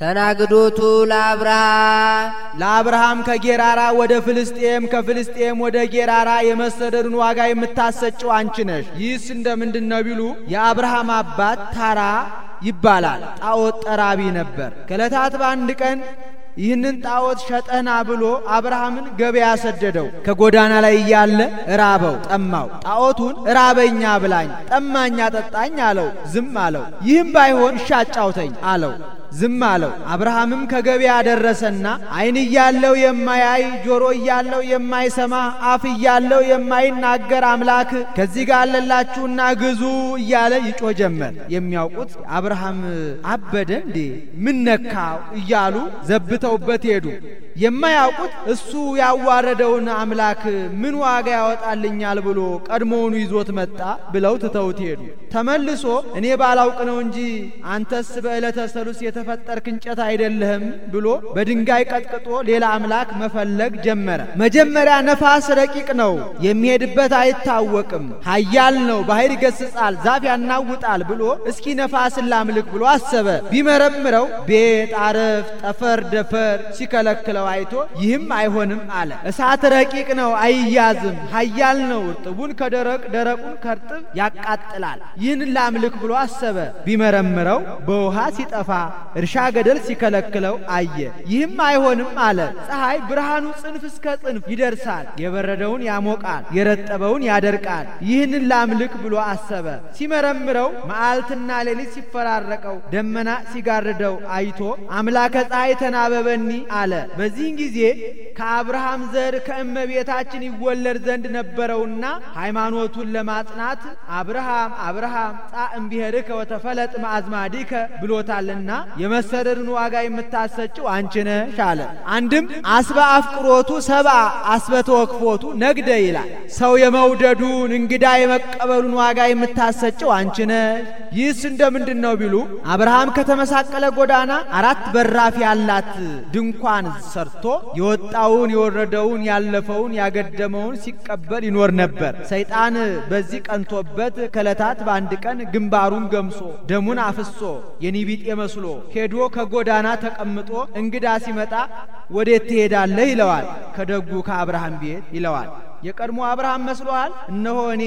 ተናግዶቱ ለአብርሃም ለአብርሃም ከጌራራ ወደ ፍልስጤም ከፍልስጤም ወደ ጌራራ የመሰደዱን ዋጋ የምታሰጭው አንቺ ነሽ። ይህስ እንደምንድን ነው ቢሉ የአብርሃም አባት ታራ ይባላል። ጣዖት ጠራቢ ነበር። ከዕለታት በአንድ ቀን ይህንን ጣዖት ሸጠና ብሎ አብርሃምን ገበያ ሰደደው። ከጎዳና ላይ እያለ ራበው፣ ጠማው። ጣዖቱን ራበኛ ብላኝ፣ ጠማኛ ጠጣኝ አለው። ዝም አለው። ይህም ባይሆን ሻጫውተኝ አለው። ዝም አለው። አብርሃምም ከገበያ ደረሰና ዓይን እያለው የማያይ ጆሮ እያለው የማይሰማ አፍ እያለው የማይናገር አምላክ ከዚህ ጋር አለላችሁና ግዙ እያለ ይጮ ጀመር። የሚያውቁት አብርሃም አበደ እንዴ ምን ነካው እያሉ ዘብተውበት ሄዱ። የማያውቁት እሱ ያዋረደውን አምላክ ምን ዋጋ ያወጣልኛል ብሎ ቀድሞውኑ ይዞት መጣ ብለው ትተውት ሄዱ። ተመልሶ እኔ ባላውቅ ነው እንጂ አንተስ በዕለተ ሰሉስ የተፈጠርክ እንጨት አይደለህም ብሎ በድንጋይ ቀጥቅጦ ሌላ አምላክ መፈለግ ጀመረ። መጀመሪያ ነፋስ ረቂቅ ነው፣ የሚሄድበት አይታወቅም፣ ኃያል ነው፣ ባህር ይገስጻል፣ ዛፍ ያናውጣል ብሎ እስኪ ነፋስን ላምልክ ብሎ አሰበ። ቢመረምረው ቤት፣ አረፍ፣ ጠፈር፣ ደፈር ሲከለክለው አይቶ ይህም አይሆንም አለ። እሳት ረቂቅ ነው፣ አይያዝም፣ ኃያል ነው፣ እርጥቡን ከደረቅ ደረቁን ከርጥብ ያቃጥላል። ይህን ላምልክ ብሎ አሰበ። ቢመረምረው በውሃ ሲጠፋ እርሻ ገደል ሲከለክለው አየ። ይህም አይሆንም አለ። ፀሐይ ብርሃኑ ጽንፍ እስከ ጽንፍ ይደርሳል፣ የበረደውን ያሞቃል፣ የረጠበውን ያደርቃል። ይህንን ላምልክ ብሎ አሰበ። ሲመረምረው መዓልትና ሌሊት ሲፈራረቀው፣ ደመና ሲጋርደው አይቶ አምላከ ፀሐይ ተናበበኒ አለ። በዚህን ጊዜ ከአብርሃም ዘር ከእመቤታችን ይወለድ ዘንድ ነበረውና ሃይማኖቱን ለማጽናት አብርሃም አብርሃም ጻ እምቢሄርከ ወተፈለጥ ማአዝማዲከ ብሎታልና የመሰደድን ዋጋ የምታሰጭው አንቺ ነሽ አለ። አንድም አስበ አፍቅሮቱ ሰባ አስበ ተወክፎቱ ነግደ ይላል። ሰው የመውደዱን እንግዳ የመቀበሉን ዋጋ የምታሰጭው አንቺ ነሽ። ይህስ እንደ ምንድን ነው ቢሉ አብርሃም ከተመሳቀለ ጎዳና አራት በራፍ ያላት ድንኳን ሰርቶ የወጣውን የወረደውን ያለፈውን ያገደመውን ሲቀበል ይኖር ነበር። ሰይጣን በዚህ ቀንቶበት ከለታት በአንድ ቀን ግንባሩን ገምሶ ደሙን አፍሶ የኒቢጤ መስሎ ሄዶ ከጎዳና ተቀምጦ እንግዳ ሲመጣ ወዴት ትሄዳለህ ይለዋል። ከደጉ ከአብርሃም ቤት ይለዋል። የቀድሞ አብርሃም መስሎሃል? እነሆ እኔ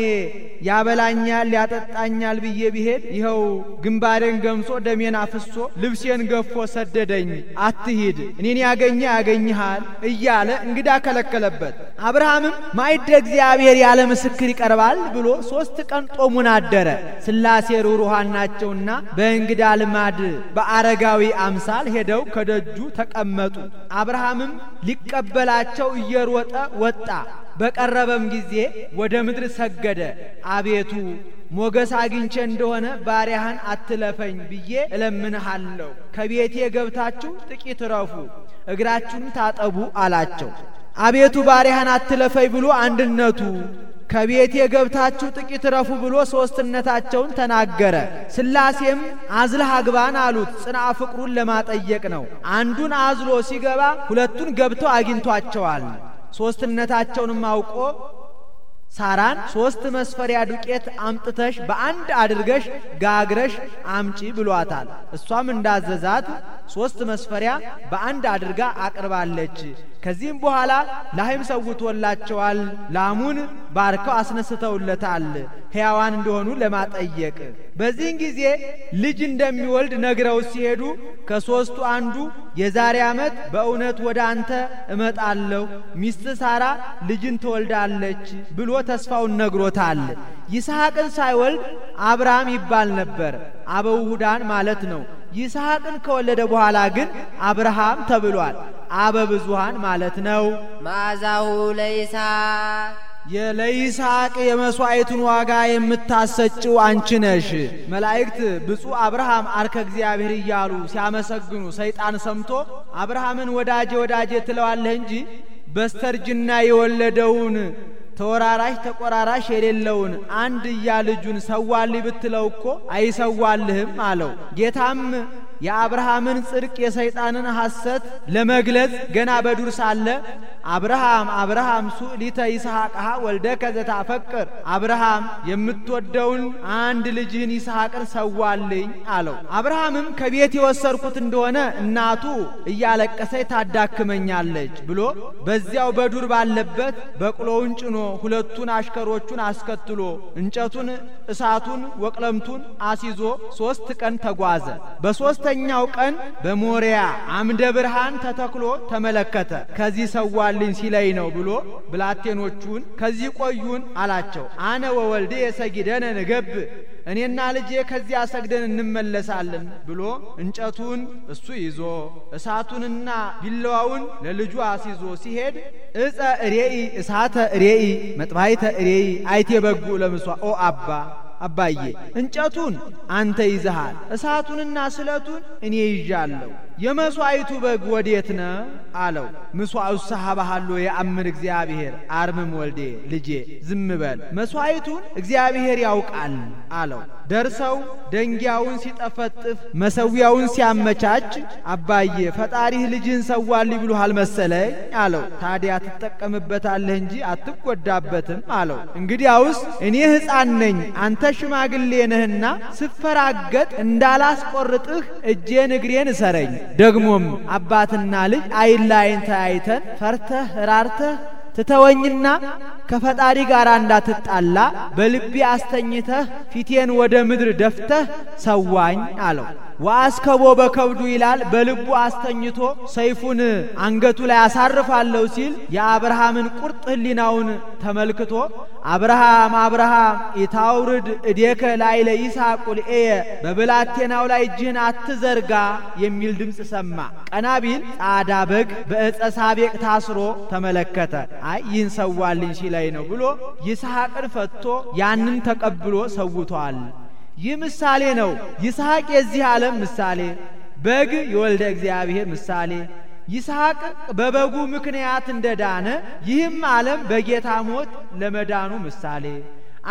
ያበላኛል ያጠጣኛል ብዬ ብሄድ ይኸው ግንባሬን ገምሶ ደሜን አፍሶ ልብሴን ገፎ ሰደደኝ። አትሂድ፣ እኔን ያገኘ ያገኝሃል እያለ እንግዳ ከለከለበት። አብርሃምም ማይደ እግዚአብሔር ያለ ምስክር ይቀርባል ብሎ ሦስት ቀን ጦሙን አደረ። ሥላሴ ሩሩሃን ናቸውና በእንግዳ ልማድ በአረጋዊ አምሳል ሄደው ከደጁ ተቀመጡ። አብርሃምም ሊቀበላቸው እየሮጠ ወጣ። በቀረበም ጊዜ ወደ ምድር ሰገደ። አቤቱ ሞገስ አግኝቼ እንደሆነ ባሪያህን አትለፈኝ ብዬ እለምንሃለሁ። ከቤቴ ገብታችሁ ጥቂት ረፉ፣ እግራችሁን ታጠቡ አላቸው። አቤቱ ባሪያህን አትለፈኝ ብሎ አንድነቱ ከቤቴ ገብታችሁ ጥቂት ረፉ ብሎ ሶስትነታቸውን ተናገረ። ስላሴም አዝለህ አግባን አሉት። ጽና ፍቅሩን ለማጠየቅ ነው። አንዱን አዝሎ ሲገባ ሁለቱን ገብተው አግኝቷቸዋል። ሶስትነታቸውንም አውቆ ሳራን ሶስት መስፈሪያ ዱቄት አምጥተሽ በአንድ አድርገሽ ጋግረሽ አምጪ ብሏታል። እሷም እንዳዘዛት ሶስት መስፈሪያ በአንድ አድርጋ አቅርባለች። ከዚህም በኋላ ላህም ሰውቶላቸዋል። ላሙን ባርከው አስነስተውለታል፣ ሕያዋን እንደሆኑ ለማጠየቅ። በዚህን ጊዜ ልጅ እንደሚወልድ ነግረው ሲሄዱ ከሦስቱ አንዱ የዛሬ ዓመት በእውነት ወደ አንተ እመጣለሁ፣ ሚስት ሳራ ልጅን ትወልዳለች ብሎ ተስፋውን ነግሮታል። ይስሐቅን ሳይወልድ አብርሃም ይባል ነበር። አበውሁዳን ማለት ነው። ይስሐቅን ከወለደ በኋላ ግን አብርሃም ተብሏል። አበ ብዙሃን ማለት ነው። ማዕዛሁ ለይስሐቅ የለይስሐቅ የመሥዋዕቱን ዋጋ የምታሰጭው አንቺ ነሽ። መላእክት ብፁዕ አብርሃም አርከ እግዚአብሔር እያሉ ሲያመሰግኑ ሰይጣን ሰምቶ አብርሃምን ወዳጄ ወዳጄ ትለዋለህ እንጂ በስተርጅና የወለደውን ተወራራሽ ተቆራራሽ የሌለውን አንድያ ልጁን ሰዋልኝ ብትለው እኮ አይሰዋልህም አለው። ጌታም የአብርሃምን ጽድቅ የሰይጣንን ሐሰት ለመግለጽ ገና በዱር ሳለ አብርሃም አብርሃም ሱሊተ ይስሐቅሃ ወልደከ ዘታፈቅር አብርሃም የምትወደውን አንድ ልጅህን ይስሐቅን ሰዋልኝ አለው። አብርሃምም ከቤት የወሰድኩት እንደሆነ እናቱ እያለቀሰች ታዳክመኛለች ብሎ በዚያው በዱር ባለበት በቅሎውን ጭኖ ሁለቱን አሽከሮቹን አስከትሎ እንጨቱን፣ እሳቱን፣ ወቅለምቱን አስይዞ ሶስት ቀን ተጓዘ። በሶስት በሦስተኛው ቀን በሞሪያ አምደ ብርሃን ተተክሎ ተመለከተ። ከዚህ ሰዋልኝ ሲለይ ነው ብሎ ብላቴኖቹን ከዚህ ቆዩን አላቸው። አነ ወወልድ የሰጊደነ ንገብ እኔና ልጄ ከዚያ ሰግደን እንመለሳለን ብሎ እንጨቱን እሱ ይዞ እሳቱንና ቢላዋውን ለልጁ አስይዞ ሲሄድ እፀ እሬኢ እሳተ እሬኢ መጥባይተ እሬኢ አይቴ በጉ ለምሷ ኦ አባ አባዬ እንጨቱን አንተ ይዘሃል፣ እሳቱንና ስለቱን እኔ ይዣለሁ የመሥዋዕቱ በግ ወዴት ነ አለው። ምስዋዕቱ ባህሎ የአምር እግዚአብሔር አርምም ወልዴ ልጄ ዝም በል መሥዋዕቱን እግዚአብሔር ያውቃል አለው። ደርሰው ደንጊያውን ሲጠፈጥፍ መሰዊያውን ሲያመቻች አባዬ ፈጣሪህ ልጅን ሰዋል ብሎ አልመሰለኝ አለው። ታዲያ ትጠቀምበታለህ እንጂ አትጎዳበትም አለው። እንግዲያውስ እኔ ሕፃን ነኝ አንተ ሽማግሌ ነህና ስፈራገጥ እንዳላስቆርጥህ እጄን እግሬን እሰረኝ ደግሞም አባትና ልጅ አይን ለአይን ተያይተን ፈርተህ ራርተህ ትተወኝና ከፈጣሪ ጋር እንዳትጣላ በልቤ አስተኝተህ ፊቴን ወደ ምድር ደፍተህ ሰዋኝ አለው። ወአስከቦ በከብዱ ይላል። በልቡ አስተኝቶ ሰይፉን አንገቱ ላይ አሳርፋለሁ ሲል የአብርሃምን ቁርጥ ሕሊናውን ተመልክቶ አብርሃም አብርሃም ኢታውርድ እዴከ ላይለ ይስሐቅ ወልኤየ በብላቴናው ላይ እጅህን አትዘርጋ የሚል ድምፅ ሰማ። ቀናቢል ጻዳ በግ በዕፀ ሳቤቅ ታስሮ ተመለከተ። አይ ይህን ሰዋልኝ ሲለ ላይ ነው ብሎ ይስሐቅን ፈቶ ያንን ተቀብሎ ሰውቷል። ይህ ምሳሌ ነው። ይስሐቅ የዚህ ዓለም ምሳሌ፣ በግ የወልደ እግዚአብሔር ምሳሌ ይስሐቅ በበጉ ምክንያት እንደዳነ ይህም ዓለም በጌታ ሞት ለመዳኑ ምሳሌ።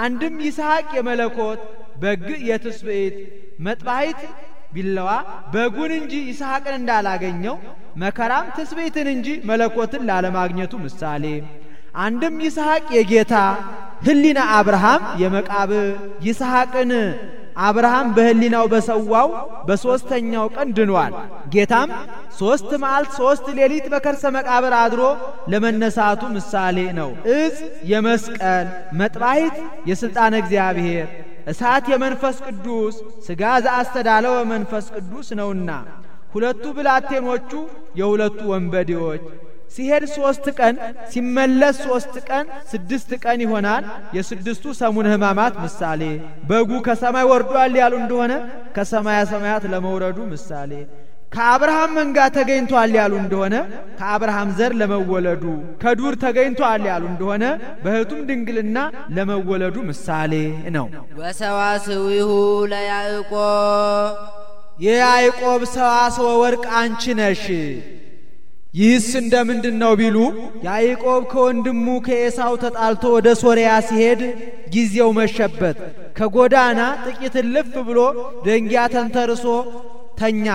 አንድም ይስሐቅ የመለኮት በግ የትስብእት መጥባይት ቢለዋ በጉን እንጂ ይስሐቅን እንዳላገኘው መከራም ትስብእትን እንጂ መለኮትን ላለማግኘቱ ምሳሌ አንድም ይስሐቅ የጌታ ህሊና አብርሃም የመቃብር ይስሐቅን አብርሃም በህሊናው በሰዋው በሦስተኛው ቀን ድኗል። ጌታም ሦስት መዓልት ሦስት ሌሊት በከርሰ መቃብር አድሮ ለመነሳቱ ምሳሌ ነው። እጽ የመስቀል መጥባይት የስልጣን እግዚአብሔር እሳት የመንፈስ ቅዱስ ሥጋ ዘአስተዳለወ መንፈስ ቅዱስ ነውና ሁለቱ ብላቴኖቹ የሁለቱ ወንበዴዎች ሲሄድ ሶስት ቀን ሲመለስ ሶስት ቀን ስድስት ቀን ይሆናል። የስድስቱ ሰሙን ሕማማት ምሳሌ በጉ ከሰማይ ወርዷል ያሉ እንደሆነ ከሰማያ ሰማያት ለመውረዱ ምሳሌ ከአብርሃም መንጋ ተገኝቷል ያሉ እንደሆነ ከአብርሃም ዘር ለመወለዱ ከዱር ተገኝቷል ያሉ እንደሆነ በህቱም ድንግልና ለመወለዱ ምሳሌ ነው። ወሰዋስዊሁ ለያዕቆብ የያዕቆብ ሰዋስወ ወርቅ አንቺ ነሽ ይህስ እንደ ምንድን ነው ቢሉ ያዕቆብ ከወንድሙ ከኤሳው ተጣልቶ ወደ ሶርያ ሲሄድ ጊዜው መሸበት። ከጎዳና ጥቂት ልፍ ብሎ ደንጊያ ተንተርሶ ተኛ።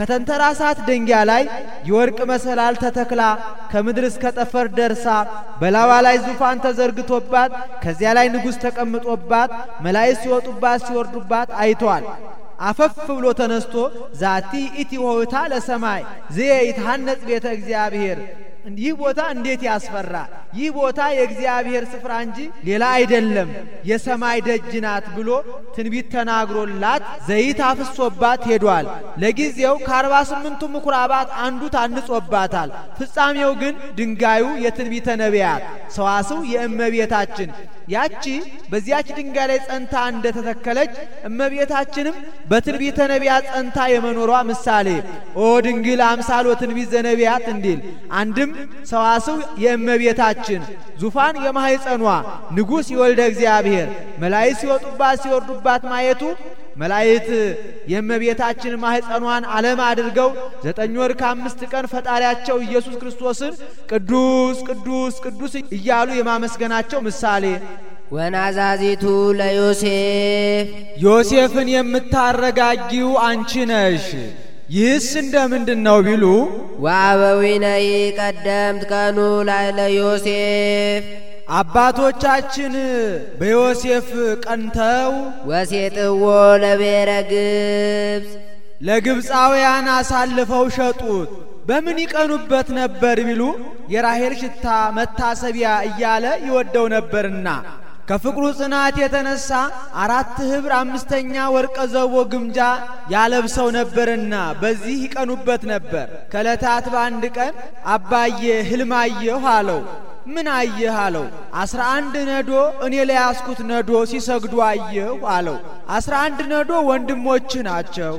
ከተንተራሳት ደንጊያ ላይ የወርቅ መሰላል ተተክላ ከምድር እስከ ጠፈር ደርሳ በላዋ ላይ ዙፋን ተዘርግቶባት ከዚያ ላይ ንጉሥ ተቀምጦባት መላእክት ሲወጡባት ሲወርዱባት አይቷል። አፈፍ ብሎ ተነስቶ ዛቲ ኢቲ ሆታ ለሰማይ ዘየ ይትሃነጽ ቤተ እግዚአብሔር ይህ ቦታ እንዴት ያስፈራ! ይህ ቦታ የእግዚአብሔር ስፍራ እንጂ ሌላ አይደለም፣ የሰማይ ደጅ ናት ብሎ ትንቢት ተናግሮላት ዘይት አፍሶባት ሄዷል። ለጊዜው ከአርባ ስምንቱ ምኩራባት አንዱ ታንጾባታል። ፍጻሜው ግን ድንጋዩ የትንቢተ ነቢያት ሰዋስው የእመቤታችን ያቺ በዚያች ድንጋይ ላይ ጸንታ እንደተተከለች እመቤታችንም በትንቢተ ነቢያት ጸንታ የመኖሯ ምሳሌ ኦ ድንግል አምሳሎ ትንቢት ዘነቢያት እንዲል አንድም ሰዋስው የእመቤታችን ዙፋን የማኅፀኗ ንጉሥ የወልደ እግዚአብሔር መላእክት ሲወጡባት ሲወርዱባት ማየቱ መላእክት የእመቤታችን ማኅፀኗን ዓለም አድርገው ዘጠኝ ወር ከአምስት ቀን ፈጣሪያቸው ኢየሱስ ክርስቶስን ቅዱስ ቅዱስ ቅዱስ እያሉ የማመስገናቸው ምሳሌ ወናዛዚቱ ለዮሴፍ ዮሴፍን የምታረጋጊው አንቺ ነሽ። ይህስ እንደ ምንድን ነው ቢሉ ወአበዊነይ ቀደምት ቀኑ ላዕለ ዮሴፍ አባቶቻችን በዮሴፍ ቀንተው ወሴጥዎ ለብሔረ ግብፅ ለግብፃውያን አሳልፈው ሸጡት። በምን ይቀኑበት ነበር ቢሉ የራሔል ሽታ መታሰቢያ እያለ ይወደው ነበርና ከፍቅሩ ጽናት የተነሳ አራት ህብር አምስተኛ ወርቀ ዘቦ ግምጃ ያለብሰው ነበርና በዚህ ይቀኑበት ነበር። ከለታት በአንድ ቀን አባዬ ህልማየሁ አየሁ አለው። ምን አየህ አለው። አስራ አንድ ነዶ እኔ ላይ ያስኩት ነዶ ሲሰግዱ አየሁ አለው። አስራ አንድ ነዶ ወንድሞች ናቸው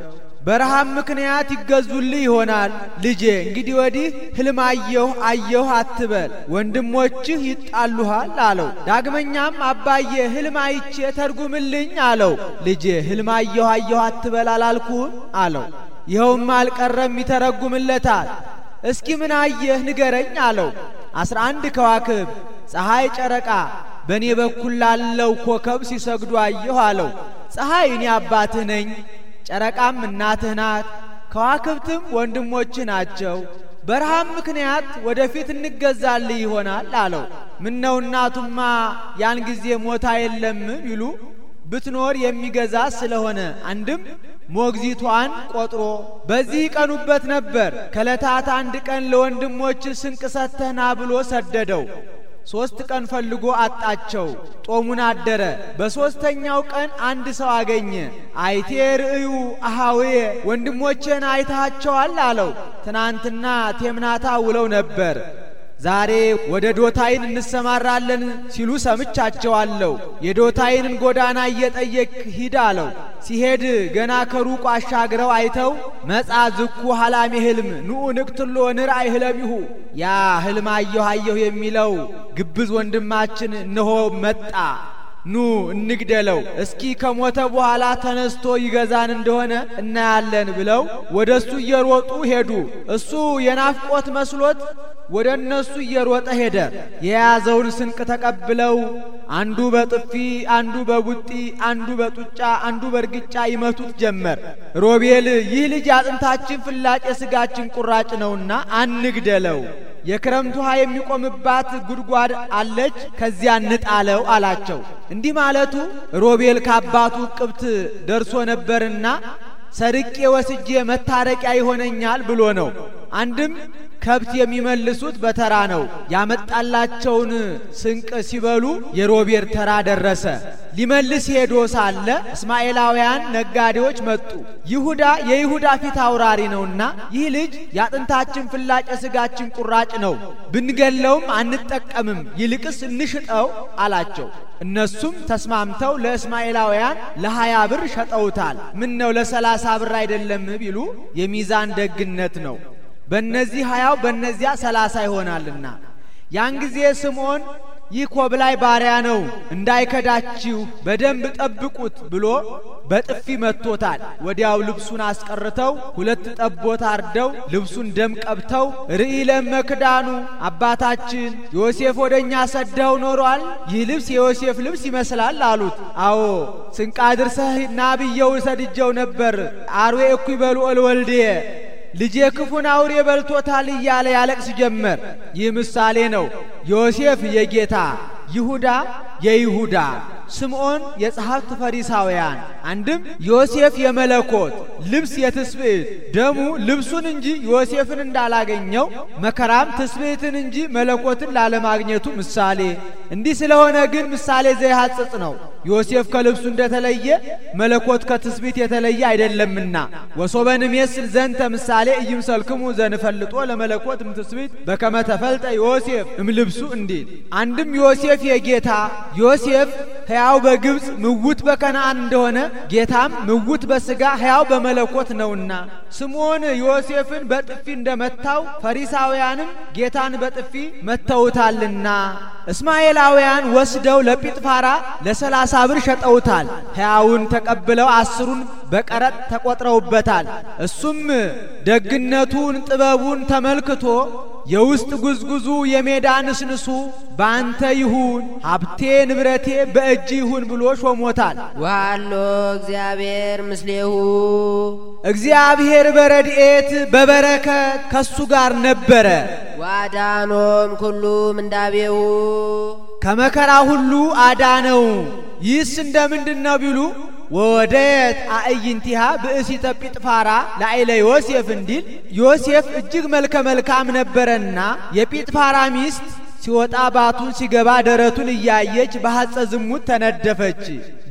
በረሃብ ምክንያት ይገዙልህ ይሆናል። ልጄ እንግዲህ ወዲህ ህልም አየሁ አየሁ አትበል፣ ወንድሞችህ ይጣሉሃል አለው። ዳግመኛም አባዬ ህልም አይቼ ተርጉምልኝ አለው። ልጄ ህልም አየሁ አየሁ አትበል አላልኩም አለው። ይኸውም አልቀረም ይተረጉምለታል። እስኪ ምን አየህ ንገረኝ አለው። አስራ አንድ ከዋክብ፣ ፀሐይ፣ ጨረቃ በእኔ በኩል ላለው ኮከብ ሲሰግዱ አየሁ አለው። ፀሐይ እኔ አባትህ ነኝ ጨረቃም እናትህ ናት፣ ከዋክብትም ወንድሞች ናቸው። በረሃም ምክንያት ወደፊት እንገዛልህ ይሆናል አለው። ምነው እናቱማ ያን ጊዜ ሞታ የለም ቢሉ ብትኖር የሚገዛ ስለሆነ አንድም ሞግዚቷን ቆጥሮ በዚህ ይቀኑበት ነበር። ከለታት አንድ ቀን ለወንድሞች ስንቅ ሰጥተህና ብሎ ሰደደው። ሶስት ቀን ፈልጎ አጣቸው። ጦሙን አደረ። በሶስተኛው ቀን አንድ ሰው አገኘ። አይቴ ርእዩ አሃውየ ወንድሞቼን አይታቸዋል አለው። ትናንትና ቴምናታ ውለው ነበር ዛሬ ወደ ዶታይን እንሰማራለን ሲሉ ሰምቻቸዋለሁ። የዶታይንን ጎዳና እየጠየቅ ሂድ አለው። ሲሄድ ገና ከሩቁ አሻግረው አይተው መጻ ዝኩ ሀላሜ ህልም ንዑ ንቅትሎ ንርአይ ህለሚሁ ያ ህልም አየሁ አየሁ የሚለው ግብዝ ወንድማችን እነሆ መጣ ኑ እንግደለው፣ እስኪ ከሞተ በኋላ ተነስቶ ይገዛን እንደሆነ እናያለን ብለው ወደ እሱ እየሮጡ ሄዱ። እሱ የናፍቆት መስሎት ወደ እነሱ እየሮጠ ሄደ። የያዘውን ስንቅ ተቀብለው አንዱ በጥፊ አንዱ በቡጢ አንዱ በጡጫ አንዱ በእርግጫ ይመቱት ጀመር። ሮቤል ይህ ልጅ አጥንታችን ፍላጭ የስጋችን ቁራጭ ነውና አንግደለው፣ የክረምት ውሃ የሚቆምባት ጉድጓድ አለች፣ ከዚያ እንጣለው አላቸው። እንዲህ ማለቱ ሮቤል ከአባቱ ቅብት ደርሶ ነበርና ሰርቄ ወስጄ መታረቂያ ይሆነኛል ብሎ ነው። አንድም ከብት የሚመልሱት በተራ ነው። ያመጣላቸውን ስንቅ ሲበሉ የሮቤል ተራ ደረሰ። ሊመልስ ሄዶ ሳለ እስማኤላውያን ነጋዴዎች መጡ። ይሁዳ የይሁዳ ፊት አውራሪ ነውና ይህ ልጅ የአጥንታችን ፍላጭ የስጋችን ቁራጭ ነው፣ ብንገለውም አንጠቀምም፣ ይልቅስ እንሽጠው አላቸው። እነሱም ተስማምተው ለእስማኤላውያን ለሀያ ብር ሸጠውታል። ምን ነው ለሰላሳ ብር አይደለም ቢሉ የሚዛን ደግነት ነው። በእነዚህ ሀያው በእነዚያ ሰላሳ ይሆናልና ያን ጊዜ ስምዖን ይህ ኮብላይ ባሪያ ነው እንዳይከዳችሁ በደንብ ጠብቁት ብሎ በጥፊ መጥቶታል። ወዲያው ልብሱን አስቀርተው ሁለት ጠቦት አርደው ልብሱን ደም ቀብተው ርኢ ለመክዳኑ አባታችን ዮሴፍ ወደ እኛ ሰደው ኖሯል። ይህ ልብስ የዮሴፍ ልብስ ይመስላል አሉት። አዎ ስንቅ አድርሰህ ናብየው ሰድጀው ነበር። አርዌ እኩ ይበሉ እልወልድየ ልጄ ክፉን አውሬ በልቶታል እያለ ያለቅስ ጀመር። ይህ ምሳሌ ነው። ዮሴፍ የጌታ ይሁዳ የይሁዳ ስምዖን የጸሐፍት ፈሪሳውያን። አንድም ዮሴፍ የመለኮት ልብስ የትስብት ደሙ ልብሱን እንጂ ዮሴፍን እንዳላገኘው መከራም ትስብትን እንጂ መለኮትን ላለማግኘቱ ምሳሌ። እንዲህ ስለሆነ ግን ምሳሌ ዘይሐጽጽ ነው። ዮሴፍ ከልብሱ እንደተለየ መለኮት ከትስቢት የተለየ አይደለምና ወሶበን ሜስል ዘንተ ምሳሌ እይምሰልክሙ ዘንፈልጦ ለመለኮት ምትስቢት በከመ ተፈልጠ ዮሴፍ እምልብሱ እንዲል አንድም ዮሴፍ የጌታ ዮሴፍ ሕያው በግብፅ ምውት በከነአን እንደሆነ ጌታም ምውት በስጋ ሕያው በመለኮት ነውና ስምዖን ዮሴፍን በጥፊ እንደመታው ፈሪሳውያንም ጌታን በጥፊ መተውታልና እስማኤላውያን ወስደው ለጲጥፋራ ለሰላሳ ብር ሸጠውታል። ሕያውን ተቀብለው አስሩን በቀረጥ ተቆጥረውበታል። እሱም ደግነቱን ጥበቡን ተመልክቶ የውስጥ ጉዝጉዙ የሜዳ ንስንሱ ባንተ ይሁን ሀብቴ ንብረቴ በእጅ ይሁን ብሎ ሾሞታል። ወሃሎ እግዚአብሔር ምስሌሁ እግዚአብሔር በረድኤት በበረከት ከሱ ጋር ነበረ። ዋዳኖም ኩሉ ምንዳቤሁ ከመከራ ሁሉ አዳነው። ይህስ እንደ ምንድን ነው ቢሉ ወወደየት አእይንቲሃ ብእሲተ ጲጥፋራ ላይለ ዮሴፍ እንዲል ዮሴፍ እጅግ መልከ መልካም ነበረና የጲጥፋራ ሚስት ሲወጣ ባቱን ሲገባ ደረቱን እያየች በሐጸ ዝሙት ተነደፈች።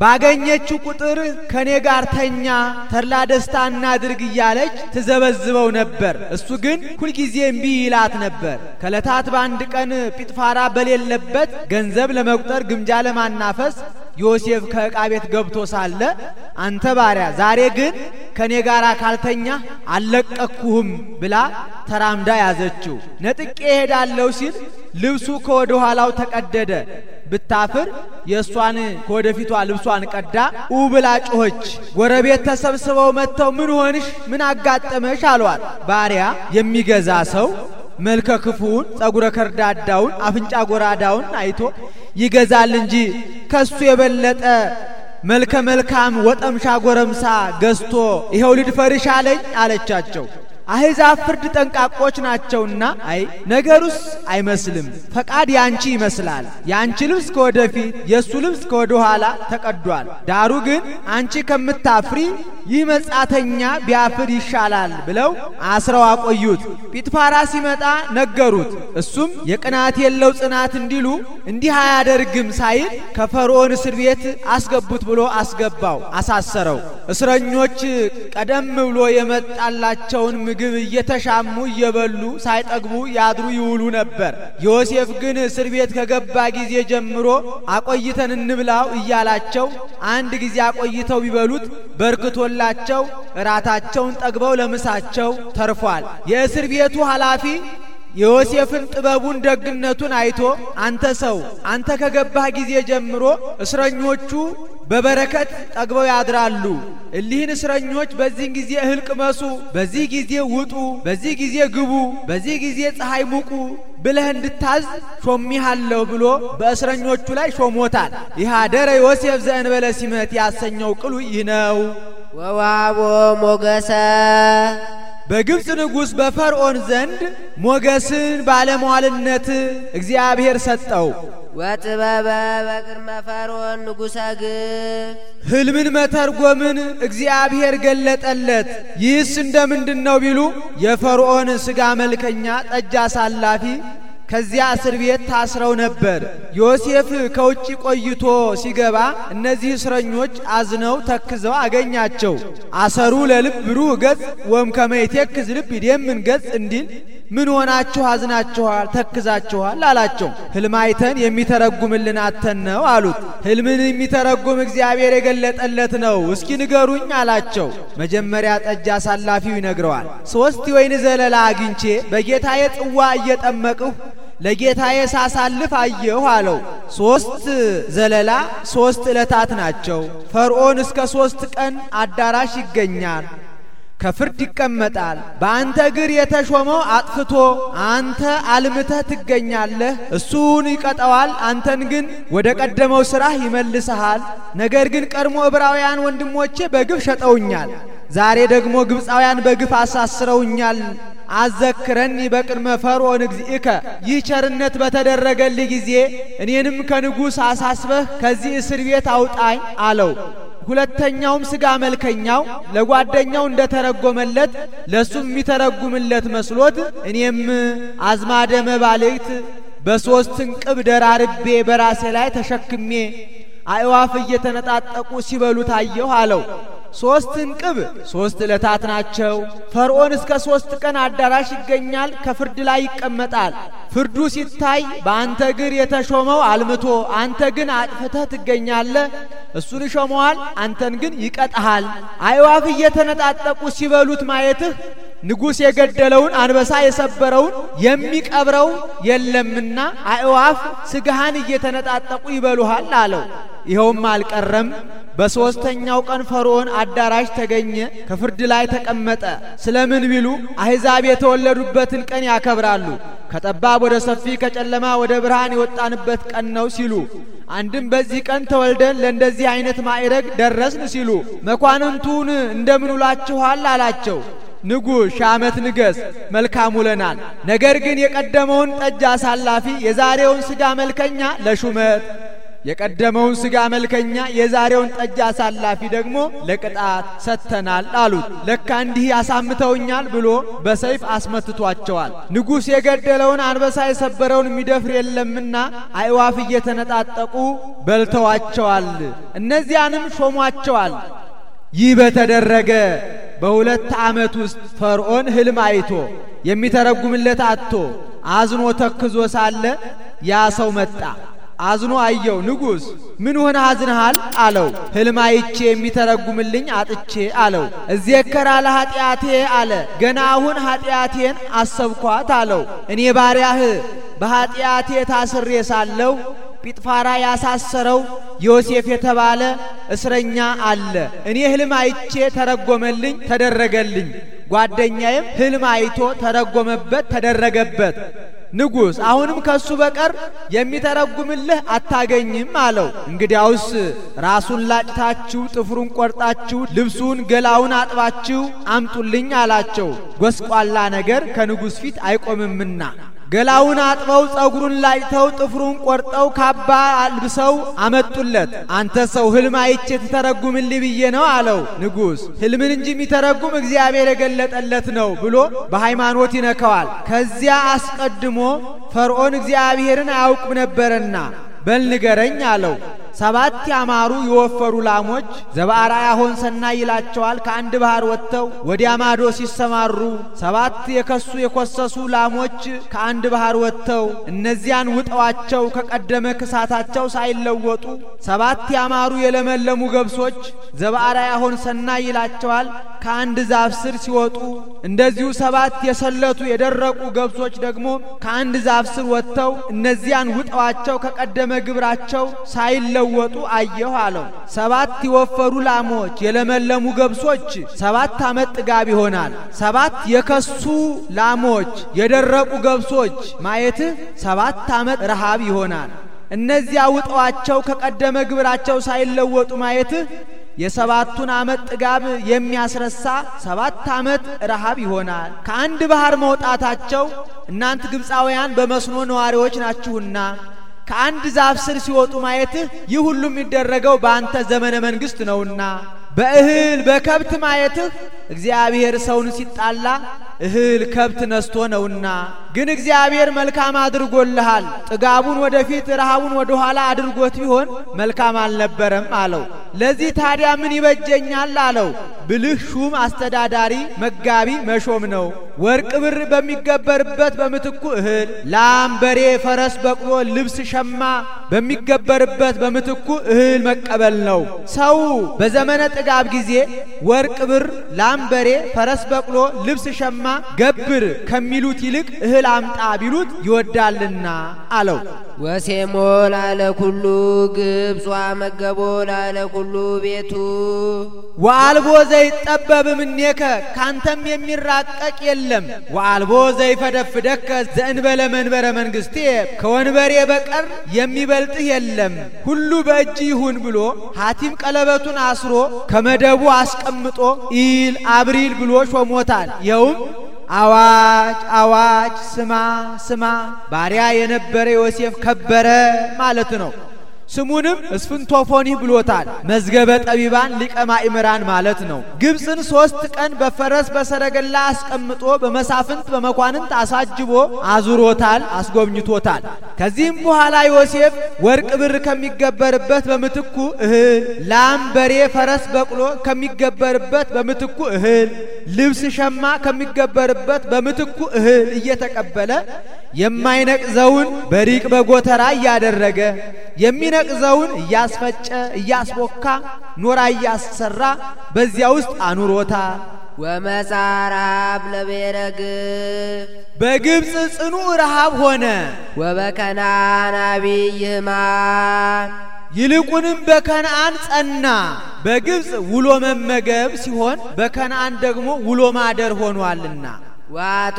ባገኘችው ቁጥር ከኔ ጋር ተኛ፣ ተድላ ደስታ እናድርግ እያለች ትዘበዝበው ነበር። እሱ ግን ሁልጊዜ እምቢ ይላት ነበር። ከለታት በአንድ ቀን ጲጥፋራ በሌለበት ገንዘብ ለመቁጠር ግምጃ ለማናፈስ ዮሴፍ ከዕቃ ቤት ገብቶ ሳለ አንተ ባሪያ ዛሬ ግን ከኔ ጋር ካልተኛ አልለቀቅኩህም ብላ ተራምዳ ያዘችው። ነጥቄ እሄዳለሁ ሲል ልብሱ ከወደ ኋላው ተቀደደ። ብታፍር የእሷን ከወደፊቷ ልብሷን ቀዳ ኡ ብላ ጮኸች። ጎረቤት ተሰብስበው መጥተው ምን ሆንሽ፣ ምን አጋጠመሽ አሏት። ባሪያ የሚገዛ ሰው መልከ ክፉውን ጸጉረ ከርዳዳውን አፍንጫ ጎራዳውን አይቶ ይገዛል እንጂ ከሱ የበለጠ መልከ መልካም ወጠምሻ ጎረምሳ ገዝቶ ይኸው ልድፈርሽ አለኝ አለቻቸው። አሕዛብ ፍርድ ጠንቃቆች ናቸውና፣ አይ ነገሩስ አይመስልም፣ ፈቃድ ያንቺ ይመስላል። ያንቺ ልብስ ፊት የእሱ ልብስ ከወደ ኋላ ተቀዷል። ዳሩ ግን አንቺ ከምታፍሪ ይህ መጻተኛ ቢያፍር ይሻላል ብለው አስረው አቆዩት። ጲጥፋራ ሲመጣ ነገሩት። እሱም የቅናት የለው ጽናት እንዲሉ እንዲህ አያደርግም ሳይል ከፈርዖን እስር ቤት አስገቡት ብሎ አስገባው፣ አሳሰረው። እስረኞች ቀደም ብሎ የመጣላቸውን ምግብ እየተሻሙ እየበሉ ሳይጠግቡ ያድሩ ይውሉ ነበር። ዮሴፍ ግን እስር ቤት ከገባ ጊዜ ጀምሮ አቆይተን እንብላው እያላቸው አንድ ጊዜ አቆይተው ቢበሉት በርክቶላቸው እራታቸውን ጠግበው ለምሳቸው ተርፏል። የእስር ቤቱ ኃላፊ የዮሴፍን ጥበቡን ደግነቱን አይቶ አንተ ሰው አንተ ከገባህ ጊዜ ጀምሮ እስረኞቹ በበረከት ጠግበው ያድራሉ። እሊህን እስረኞች በዚህን ጊዜ እህል ቅመሱ፣ በዚህ ጊዜ ውጡ፣ በዚህ ጊዜ ግቡ፣ በዚህ ጊዜ ፀሐይ ሙቁ ብለህ እንድታዝ ሾሚሃለሁ ብሎ በእስረኞቹ ላይ ሾሞታል። አደረ ዮሴፍ ዘእንበለ ሲመት ያሰኘው ቅሉ ይህ ነው። ወዋቦ ሞገሰ በግብፅ ንጉሥ በፈርዖን ዘንድ ሞገስን ባለመዋልነት እግዚአብሔር ሰጠው። ወጥበበ በቅድመ ፈርዖን ንጉሠ ግብፅ ሕልምን መተርጎምን እግዚአብሔር ገለጠለት። ይህስ እንደምንድን ነው ቢሉ የፈርዖን ሥጋ መልከኛ ጠጅ አሳላፊ ከዚያ እስር ቤት ታስረው ነበር። ዮሴፍ ከውጭ ቆይቶ ሲገባ እነዚህ እስረኞች አዝነው ተክዘው አገኛቸው። አሰሩ ለልብ ብሩህ ገጽ ወም ከመይቴክዝ ልብ ይደምን ገጽ እንዲል ምን ሆናችሁ አዝናችኋል፣ ተክዛችኋል አላቸው። ህልማይተን የሚተረጉምልን አተን ነው አሉት። ህልምን የሚተረጉም እግዚአብሔር የገለጠለት ነው፣ እስኪ ንገሩኝ አላቸው። መጀመሪያ ጠጅ አሳላፊው ይነግረዋል። ሶስት የወይን ዘለላ አግኝቼ በጌታዬ ጽዋ እየጠመቅሁ ለጌታዬ ሳሳልፍ አየሁ አለው። ሶስት ዘለላ ሶስት ዕለታት ናቸው። ፈርዖን እስከ ሶስት ቀን አዳራሽ ይገኛል፣ ከፍርድ ይቀመጣል። በአንተ እግር የተሾመው አጥፍቶ አንተ አልምተህ ትገኛለህ። እሱን ይቀጠዋል፣ አንተን ግን ወደ ቀደመው ሥራህ ይመልስሃል። ነገር ግን ቀድሞ ዕብራውያን ወንድሞቼ በግፍ ሸጠውኛል፣ ዛሬ ደግሞ ግብፃውያን በግፍ አሳስረውኛል አዘክረኒ በቅድመ ፈርዖን እግዚእከ። ይህ ቸርነት በተደረገልህ ጊዜ እኔንም ከንጉሥ አሳስበህ ከዚህ እስር ቤት አውጣኝ አለው። ሁለተኛውም ሥጋ መልከኛው ለጓደኛው እንደ ተረጎመለት ለእሱም የሚተረጉምለት መስሎት እኔም አዝማደ መባልዕት በሦስት እንቅብ ደራርቤ በራሴ ላይ ተሸክሜ አእዋፍ እየተነጣጠቁ ሲበሉ ታየሁ አለው። ሶስት እንቅብ ሶስት ዕለታት ናቸው። ፈርዖን እስከ ሶስት ቀን አዳራሽ ይገኛል፣ ከፍርድ ላይ ይቀመጣል። ፍርዱ ሲታይ በአንተ እግር የተሾመው አልምቶ፣ አንተ ግን አጥፍተህ ትገኛለህ። እሱን ይሾመዋል፣ አንተን ግን ይቀጣሃል። አዕዋፍ እየተነጣጠቁ ሲበሉት ማየትህ ንጉሥ የገደለውን አንበሳ የሰበረውን የሚቀብረው የለምና አእዋፍ ስጋህን እየተነጣጠቁ ይበሉሃል አለው። ይኸውም አልቀረም። በሦስተኛው ቀን ፈርዖን አዳራሽ ተገኘ፣ ከፍርድ ላይ ተቀመጠ። ስለምን ቢሉ አሕዛብ የተወለዱበትን ቀን ያከብራሉ። ከጠባብ ወደ ሰፊ ከጨለማ ወደ ብርሃን የወጣንበት ቀን ነው ሲሉ፣ አንድም በዚህ ቀን ተወልደን ለእንደዚህ አይነት ማዕረግ ደረስን ሲሉ፣ መኳንንቱን እንደምን ውላችኋል አላቸው። ንጉሥ ሻመት ንገስ መልካም ውለናል። ነገር ግን የቀደመውን ጠጅ አሳላፊ የዛሬውን ስጋ መልከኛ ለሹመት የቀደመውን ስጋ መልከኛ የዛሬውን ጠጅ አሳላፊ ደግሞ ለቅጣት ሰጥተናል አሉት። ለካ እንዲህ ያሳምተውኛል ብሎ በሰይፍ አስመትቷቸዋል። ንጉሥ የገደለውን አንበሳ የሰበረውን የሚደፍር የለምና አእዋፍ እየተነጣጠቁ በልተዋቸዋል። እነዚያንም ሾሟቸዋል። ይህ በተደረገ በሁለት ዓመት ውስጥ ፈርዖን ህልም አይቶ የሚተረጉምለት አጥቶ አዝኖ ተክዞ ሳለ ያ ሰው መጣ። አዝኖ አየው። ንጉሥ ምን ሆነ አዝንሃል? አለው። ህልም አይቼ የሚተረጉምልኝ አጥቼ አለው። ከራለ ለኃጢአቴ አለ። ገና አሁን ኃጢአቴን አሰብኳት አለው። እኔ ባሪያህ በኃጢአቴ ታስሬ ሳለሁ ጲጥፋራ ያሳሰረው ዮሴፍ የተባለ እስረኛ አለ። እኔ ህልም አይቼ ተረጎመልኝ፣ ተደረገልኝ። ጓደኛዬም ህልም አይቶ ተረጎመበት፣ ተደረገበት። ንጉሥ አሁንም ከሱ በቀር የሚተረጉምልህ አታገኝም አለው። እንግዲያውስ ራሱን ላጭታችሁ፣ ጥፍሩን ቆርጣችሁ፣ ልብሱን ገላውን አጥባችሁ አምጡልኝ አላቸው። ጎስቋላ ነገር ከንጉሥ ፊት አይቆምምና ገላውን አጥበው ጸጉሩን ላጭተው ጥፍሩን ቆርጠው ካባ አልብሰው አመጡለት። አንተ ሰው ህልም አይቼ ትተረጉምልኝ ብዬ ነው አለው ንጉሥ። ህልምን እንጂ የሚተረጉም እግዚአብሔር የገለጠለት ነው ብሎ በሃይማኖት ይነካዋል። ከዚያ አስቀድሞ ፈርዖን እግዚአብሔርን አያውቅም ነበረና በል ንገረኝ አለው። ሰባት ያማሩ የወፈሩ ላሞች ዘባአራያ ሆንሰና ይላቸዋል ከአንድ ባህር ወጥተው ወዲያ ማዶ ሲሰማሩ፣ ሰባት የከሱ የኮሰሱ ላሞች ከአንድ ባህር ወጥተው እነዚያን ውጠዋቸው ከቀደመ ክሳታቸው ሳይለወጡ፣ ሰባት ያማሩ የለመለሙ ገብሶች ዘባአራያ ሆንሰና ይላቸዋል ከአንድ ዛፍ ስር ሲወጡ፣ እንደዚሁ ሰባት የሰለቱ የደረቁ ገብሶች ደግሞ ከአንድ ዛፍ ስር ወጥተው እነዚያን ውጠዋቸው ከቀደመ ግብራቸው ሳይለ። ሲለወጡ አየሁ አለው። ሰባት የወፈሩ ላሞች፣ የለመለሙ ገብሶች ሰባት ዓመት ጥጋብ ይሆናል። ሰባት የከሱ ላሞች፣ የደረቁ ገብሶች ማየትህ ሰባት ዓመት ረሃብ ይሆናል። እነዚያ ውጠዋቸው ከቀደመ ግብራቸው ሳይለወጡ ማየትህ የሰባቱን ዓመት ጥጋብ የሚያስረሳ ሰባት ዓመት ረሃብ ይሆናል። ከአንድ ባህር መውጣታቸው እናንት ግብፃውያን በመስኖ ነዋሪዎች ናችሁና ከአንድ ዛፍ ስር ሲወጡ ማየትህ ይህ ሁሉ የሚደረገው በአንተ ዘመነ መንግሥት ነውና፣ በእህል በከብት ማየትህ እግዚአብሔር ሰውን ሲጣላ እህል ከብት ነስቶ ነውና፣ ግን እግዚአብሔር መልካም አድርጎልሃል። ጥጋቡን ወደፊት ረሃቡን ወደ ኋላ አድርጎት ቢሆን መልካም አልነበረም አለው። ለዚህ ታዲያ ምን ይበጀኛል አለው። ብልህ ሹም፣ አስተዳዳሪ፣ መጋቢ መሾም ነው። ወርቅ ብር በሚገበርበት በምትኩ እህል፣ ላም፣ በሬ፣ ፈረስ፣ በቅሎ፣ ልብስ፣ ሸማ በሚገበርበት በምትኩ እህል መቀበል ነው። ሰው በዘመነ ጥጋብ ጊዜ ወርቅ ብር፣ ላም፣ በሬ፣ ፈረስ፣ በቅሎ፣ ልብስ፣ ሸማ ገብር ከሚሉት ይልቅ እህል አምጣ ቢሉት ይወዳልና አለው። ወሴሞ ላለኩሉ ግብጿ መገቦ ላለኩሉ ቤቱ ወአልቦ ዘይጠበብ ምኔከ ካንተም የሚራቀቅ የለም። ወአልቦ ዘይፈደፍደከ ዘእንበለ መንበረ መንግስቴ ከወንበሬ በቀር የሚበልጥህ የለም ሁሉ በእጅ ይሁን ብሎ ሀቲም ቀለበቱን አስሮ ከመደቡ አስቀምጦ ኢል አብሪል ብሎ ሾሞታል። የውም አዋጅ አዋጅ፣ ስማ ስማ፣ ባሪያ የነበረ ዮሴፍ ከበረ ማለት ነው። ስሙንም እስፍንቶፎኒ ብሎታል። መዝገበ ጠቢባን ሊቀ ማእምራን ማለት ነው። ግብፅን ሶስት ቀን በፈረስ በሰረገላ አስቀምጦ በመሳፍንት በመኳንንት አሳጅቦ አዙሮታል፣ አስጎብኝቶታል። ከዚህም በኋላ ዮሴፍ ወርቅ ብር ከሚገበርበት በምትኩ እህል፣ ላም፣ በሬ፣ ፈረስ፣ በቅሎ ከሚገበርበት በምትኩ እህል ልብስ ሸማ ከሚገበርበት በምትኩ እህል እየተቀበለ የማይነቅዘውን በሪቅ በጎተራ እያደረገ የሚነቅዘውን እያስፈጨ እያስቦካ ኖራ እያሰራ በዚያ ውስጥ አኑሮታ! ወመጻራብ ለብሔረ ግብፅ በግብፅ ጽኑ ረሃብ ሆነ። ወበከናን አብይ ይልቁንም በከነአን ጸና። በግብፅ ውሎ መመገብ ሲሆን በከነአን ደግሞ ውሎ ማደር ሆኗልና። ዋቱ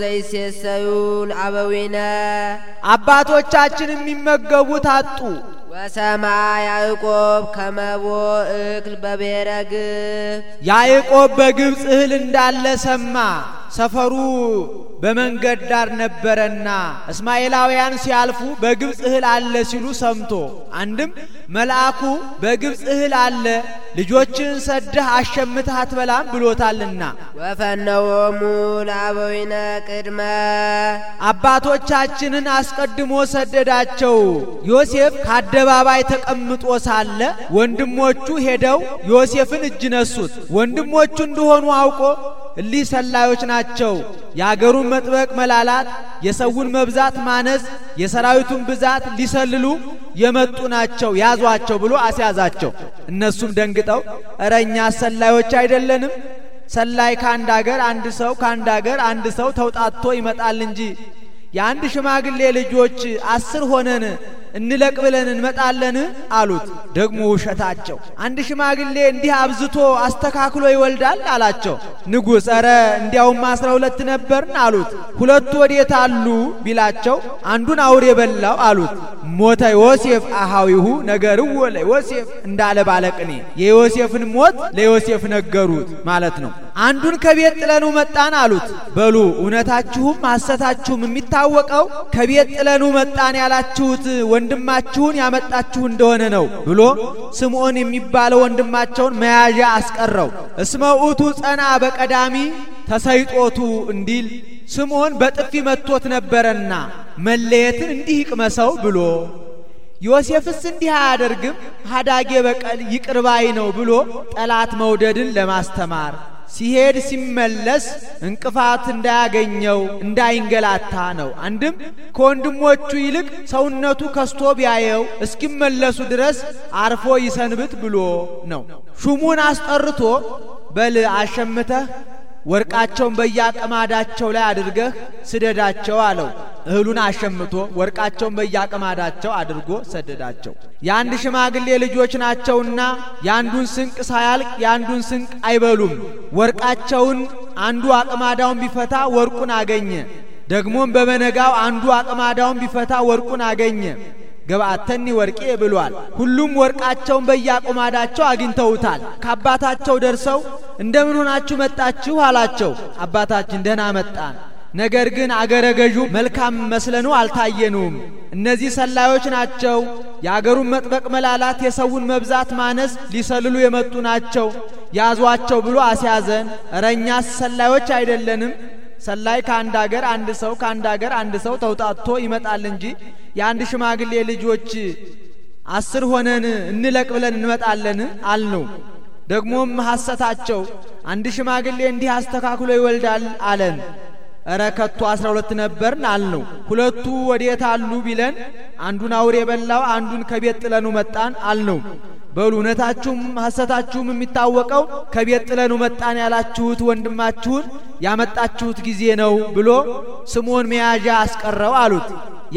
ዘይሴሰዩ ለአበዊነ አባቶቻችን የሚመገቡት አጡ። ወሰማ ያዕቆብ ከመቦ እክል በብሔረ ግብ ያዕቆብ በግብፅ እህል እንዳለ ሰማ። ሰፈሩ በመንገድ ዳር ነበረና እስማኤላውያን ሲያልፉ በግብፅ እህል አለ ሲሉ ሰምቶ አንድም መልአኩ በግብፅ እህል አለ ልጆችን ሰደህ አሸምተህ አትበላም ብሎታልና ወፈነዎሙ ለአበዊነ ቅድመ አባቶቻችንን አስቀድሞ ሰደዳቸው። ዮሴፍ ከአደባባይ ተቀምጦ ሳለ ወንድሞቹ ሄደው ዮሴፍን እጅ ነሱት። ወንድሞቹ እንደሆኑ አውቆ እሊህ ሰላዮች ናቸው። የአገሩን መጥበቅ መላላት፣ የሰውን መብዛት ማነስ፣ የሰራዊቱን ብዛት ሊሰልሉ የመጡ ናቸው፣ ያዟቸው ብሎ አስያዛቸው። እነሱም ደንግጠው እረ እኛ ሰላዮች አይደለንም፣ ሰላይ ከአንድ አገር አንድ ሰው ከአንድ አገር አንድ ሰው ተውጣቶ ይመጣል እንጂ የአንድ ሽማግሌ ልጆች አስር ሆነን እንለቅ ብለን እንመጣለን አሉት። ደግሞ ውሸታቸው። አንድ ሽማግሌ እንዲህ አብዝቶ አስተካክሎ ይወልዳል አላቸው ንጉሥ። ኧረ እንዲያውም አስራ ሁለት ነበርን አሉት። ሁለቱ ወዴት አሉ ቢላቸው አንዱን አውሬ በላው አሉት። ሞተ ዮሴፍ አሃዊሁ ነገርዎ ለዮሴፍ እንዳለ ባለቅኔ የዮሴፍን ሞት ለዮሴፍ ነገሩት ማለት ነው። አንዱን ከቤት ጥለኑ መጣን አሉት። በሉ እውነታችሁም ሐሰታችሁም የሚታወቀው ከቤት ጥለኑ መጣን ያላችሁት ወንድማችሁን ያመጣችሁ እንደሆነ ነው ብሎ ስምዖን የሚባለው ወንድማቸውን መያዣ አስቀረው። እስመ ውእቱ ጸና በቀዳሚ ተሰይጦቱ እንዲል ስምዖን በጥፊ መጥቶት ነበረና መለየትን እንዲህ ይቅመሰው ብሎ ዮሴፍስ እንዲህ አያደርግም ሀዳጌ በቀል ይቅርባይ ነው ብሎ ጠላት መውደድን ለማስተማር ሲሄድ ሲመለስ እንቅፋት እንዳያገኘው እንዳይንገላታ ነው። አንድም ከወንድሞቹ ይልቅ ሰውነቱ ከስቶ ቢያየው እስኪመለሱ ድረስ አርፎ ይሰንብት ብሎ ነው። ሹሙን አስጠርቶ በል አሸምተህ ወርቃቸውን በያቅማዳቸው ላይ አድርገህ ስደዳቸው አለው። እህሉን አሸምቶ ወርቃቸውን በያቅማዳቸው አድርጎ ሰደዳቸው። የአንድ ሽማግሌ ልጆች ናቸውና የአንዱን ስንቅ ሳያልቅ የአንዱን ስንቅ አይበሉም። ወርቃቸውን አንዱ አቅማዳውን ቢፈታ ወርቁን አገኘ። ደግሞም በመነጋው አንዱ አቅማዳውን ቢፈታ ወርቁን አገኘ። ገብአተኒ ወርቄ ብሏል። ሁሉም ወርቃቸውን በየአቁማዳቸው አግኝተውታል። ከአባታቸው ደርሰው እንደምን ሆናችሁ መጣችሁ አላቸው። አባታችን ደህና መጣን፣ ነገር ግን አገረ ገዡ መልካም መስለኑ አልታየኑም። እነዚህ ሰላዮች ናቸው፣ የአገሩን መጥበቅ መላላት፣ የሰውን መብዛት ማነስ ሊሰልሉ የመጡ ናቸው፣ ያዟቸው ብሎ አስያዘን። እረኛስ ሰላዮች አይደለንም ሰላይ ከአንድ አገር አንድ ሰው ከአንድ አገር አንድ ሰው ተውጣቶ ይመጣል እንጂ የአንድ ሽማግሌ ልጆች አስር ሆነን እንለቅ ብለን እንመጣለን አልነው። ደግሞም ሐሰታቸው አንድ ሽማግሌ እንዲህ አስተካክሎ ይወልዳል አለን። እረ ከቶ አስራ ሁለት ነበርን አልነው። ሁለቱ ወዴት አሉ ቢለን አንዱን አውሬ በላው፣ አንዱን ከቤት ጥለኑ መጣን አልነው። በሉ እውነታችሁም ሐሰታችሁም የሚታወቀው ከቤት ጥለኑ መጣን ያላችሁት ወንድማችሁን ያመጣችሁት ጊዜ ነው ብሎ ስምዖን መያዣ አስቀረው አሉት።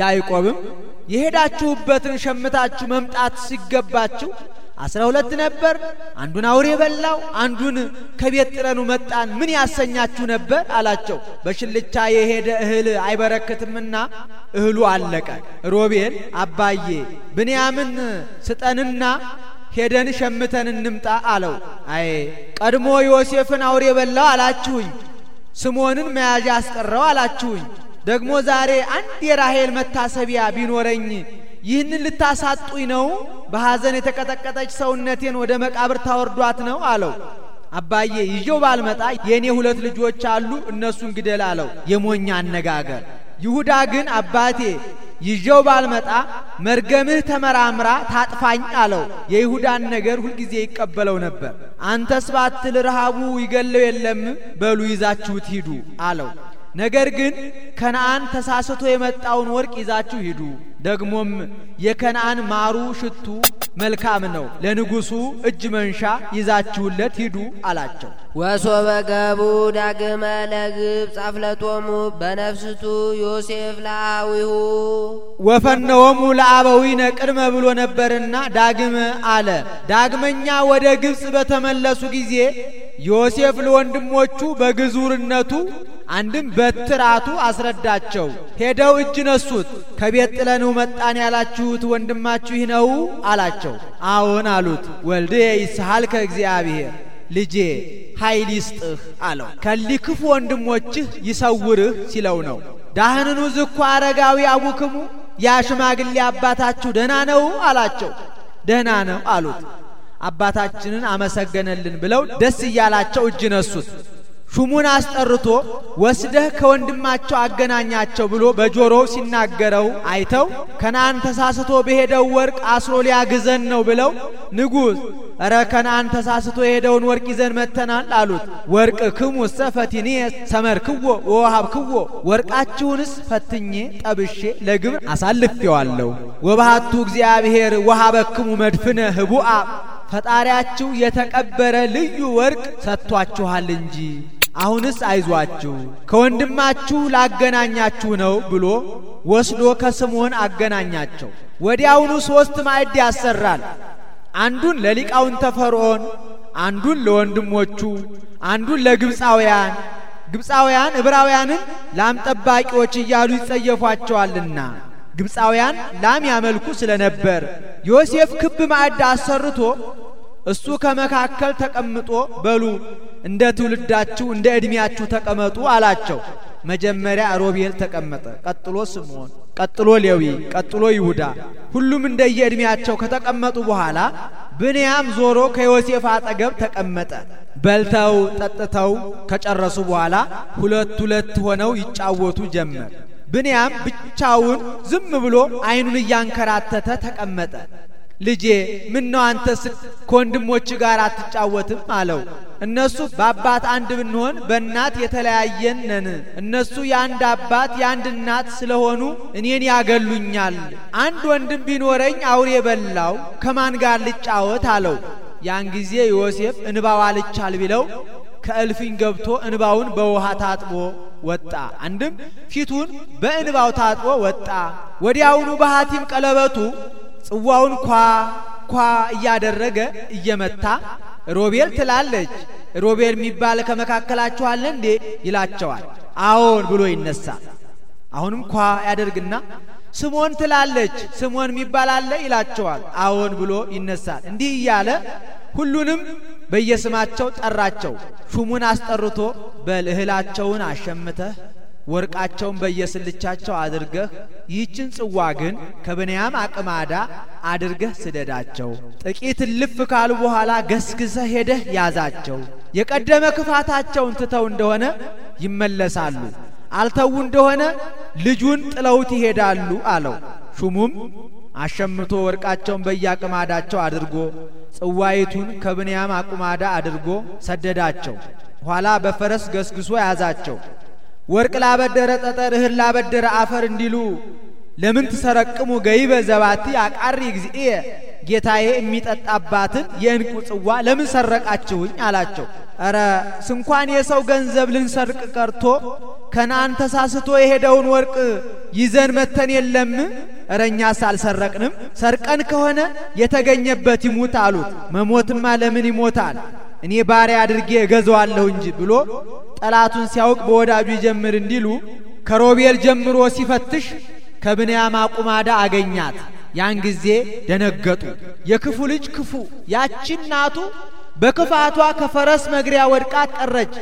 ያዕቆብም የሄዳችሁበትን ሸምታችሁ መምጣት ሲገባችሁ አስራ ሁለት ነበር፣ አንዱን አውሬ በላው፣ አንዱን ከቤት ጥለኑ መጣን፣ ምን ያሰኛችሁ ነበር አላቸው። በሽልቻ የሄደ እህል አይበረክትምና እህሉ አለቀ። ሮቤል አባዬ ብንያምን ስጠንና ሄደን ሸምተን እንምጣ አለው። አይ ቀድሞ ዮሴፍን አውሬ በላው አላችሁኝ፣ ስምዖንን መያዣ አስቀረው አላችሁኝ። ደግሞ ዛሬ አንድ የራሔል መታሰቢያ ቢኖረኝ ይህንን ልታሳጡኝ ነው? በሐዘን የተቀጠቀጠች ሰውነቴን ወደ መቃብር ታወርዷት ነው አለው። አባዬ ይዤው ባልመጣ የእኔ ሁለት ልጆች አሉ፣ እነሱን ግደል አለው። የሞኛ አነጋገር። ይሁዳ ግን አባቴ ይዤው ባልመጣ መርገምህ ተመራምራ ታጥፋኝ አለው። የይሁዳን ነገር ሁልጊዜ ይቀበለው ነበር። አንተስ ባትል ረሃቡ ይገለው የለም በሉ ይዛችሁት ሂዱ አለው። ነገር ግን ከነአን ተሳስቶ የመጣውን ወርቅ ይዛችሁ ሂዱ ደግሞም የከነአን ማሩ ሽቱ መልካም ነው፣ ለንጉሱ እጅ መንሻ ይዛችሁለት ሂዱ አላቸው። ወሶበ ገቡ ዳግመ ለግብፅ አፍለጦሙ በነፍስቱ ዮሴፍ ለአዊሁ ወፈነወሙ ለአበዊነ ቅድመ ብሎ ነበርና ዳግመ አለ። ዳግመኛ ወደ ግብፅ በተመለሱ ጊዜ ዮሴፍ ለወንድሞቹ በግዙርነቱ አንድም በትራቱ አስረዳቸው። ሄደው እጅ ነሱት። ከቤት ጥለን መጣን ያላችሁት ወንድማችሁ ይህ ነው አላቸው። አዎን አሉት። ወልድየ ይስሐል ከእግዚአብሔር ልጄ ኃይል ይስጥህ አለው። ከሊክፉ ወንድሞችህ ይሰውርህ ሲለው ነው። ዳህንኑ ዝኩ አረጋዊ አቡክሙ ያ ሽማግሌ አባታችሁ ደህና ነው አላቸው። ደህና ነው አሉት። አባታችንን አመሰገነልን ብለው ደስ እያላቸው እጅ ነሱት። ሹሙን አስጠርቶ ወስደህ ከወንድማቸው አገናኛቸው ብሎ በጆሮው ሲናገረው አይተው ከነአን ተሳስቶ በሄደው ወርቅ አስሮ ሊያግዘን ነው ብለው ንጉሥ እረ ከነአን ተሳስቶ የሄደውን ወርቅ ይዘን መተናል አሉት። ወርቅ ሰመር ክዎ ሰመርክዎ ክዎ! ወርቃችሁንስ ፈትኜ ጠብሼ ለግብር አሳልፌዋለሁ። ወባሃቱ እግዚአብሔር ወሃበክሙ መድፍነ ህቡአ ፈጣሪያችሁ የተቀበረ ልዩ ወርቅ ሰጥቷችኋል እንጂ አሁንስ አይዟችሁ ከወንድማችሁ ላገናኛችሁ ነው ብሎ ወስዶ ከስምዖን አገናኛቸው። ወዲያውኑ ሦስት ማዕድ ያሰራል። አንዱን ለሊቃውንተ ፈርዖን፣ አንዱን ለወንድሞቹ፣ አንዱን ለግብፃውያን ግብፃውያን ዕብራውያንን ላም ጠባቂዎች እያሉ ይጸየፏቸዋልና ግብፃውያን ላም ያመልኩ ስለነበር ዮሴፍ ክብ ማዕድ አሰርቶ እሱ ከመካከል ተቀምጦ በሉ እንደ ትውልዳችሁ እንደ ዕድሜያችሁ ተቀመጡ አላቸው። መጀመሪያ ሮቤል ተቀመጠ፣ ቀጥሎ ስምዖን፣ ቀጥሎ ሌዊ፣ ቀጥሎ ይሁዳ። ሁሉም እንደየዕድሜያቸው ከተቀመጡ በኋላ ብንያም ዞሮ ከዮሴፍ አጠገብ ተቀመጠ። በልተው ጠጥተው ከጨረሱ በኋላ ሁለት ሁለት ሆነው ይጫወቱ ጀመር። ብንያም ብቻውን ዝም ብሎ ዓይኑን እያንከራተተ ተቀመጠ። ልጄ ምን ነው አንተስ ከወንድሞች ጋር አትጫወትም? አለው። እነሱ በአባት አንድ ብንሆን በእናት የተለያየን ነን። እነሱ የአንድ አባት የአንድ እናት ስለሆኑ እኔን ያገሉኛል። አንድ ወንድም ቢኖረኝ አውሬ በላው፣ ከማን ጋር ልጫወት? አለው። ያን ጊዜ ዮሴፍ እንባዋ ልቻል ቢለው ከእልፍኝ ገብቶ እንባውን በውሃ ታጥቦ ወጣ። አንድም ፊቱን በእንባው ታጥቦ ወጣ። ወዲያውኑ በሐቲም ቀለበቱ ጽዋውን ኳ ኳ እያደረገ እየመታ ሮቤል ትላለች፣ ሮቤል የሚባል ከመካከላችሁ አለ እንዴ ይላቸዋል። አዎን ብሎ ይነሳል። አሁንም ኳ ያደርግና ስሞን ትላለች፣ ስሞን የሚባል አለ ይላቸዋል። አዎን ብሎ ይነሳል። እንዲህ እያለ ሁሉንም በየስማቸው ጠራቸው። ሹሙን አስጠርቶ በል እህላቸውን አሸምተህ ወርቃቸውን በየስልቻቸው አድርገህ ይህችን ጽዋ ግን ከብንያም አቅማዳ አድርገህ ስደዳቸው። ጥቂት ልፍ ካሉ በኋላ ገስግሰህ ሄደህ ያዛቸው። የቀደመ ክፋታቸውን ትተው እንደሆነ ይመለሳሉ፣ አልተዉ እንደሆነ ልጁን ጥለውት ይሄዳሉ አለው። ሹሙም አሸምቶ ወርቃቸውን በየአቅማዳቸው አድርጎ ጽዋይቱን ከብንያም አቁማዳ አድርጎ ሰደዳቸው። ኋላ በፈረስ ገስግሶ ያዛቸው። ወርቅ ላበደረ ጠጠር እህል ላበደረ አፈር እንዲሉ ለምን ትሰረቅሙ ገይበ ዘባቲ አቃሪ እግዚእየ ጌታዬ የሚጠጣባትን የእንቁ ጽዋ ለምን ሰረቃችሁኝ አላቸው። ኧረ ስንኳን የሰው ገንዘብ ልንሰርቅ ቀርቶ ከነአን ተሳስቶ የሄደውን ወርቅ ይዘን መተን የለም። ኧረ እኛስ አልሰረቅንም። ሰርቀን ከሆነ የተገኘበት ይሙት አሉት። መሞትማ ለምን ይሞታል? እኔ ባሪያ አድርጌ እገዘዋለሁ እንጂ ብሎ ጠላቱን ሲያውቅ በወዳጁ ይጀምር እንዲሉ ከሮቤል ጀምሮ ሲፈትሽ ከብንያም አቁማዳ አገኛት። ያን ጊዜ ደነገጡ። የክፉ ልጅ ክፉ ያቺ እናቱ በክፋቷ ከፈረስ መግሪያ ወድቃ ቀረች።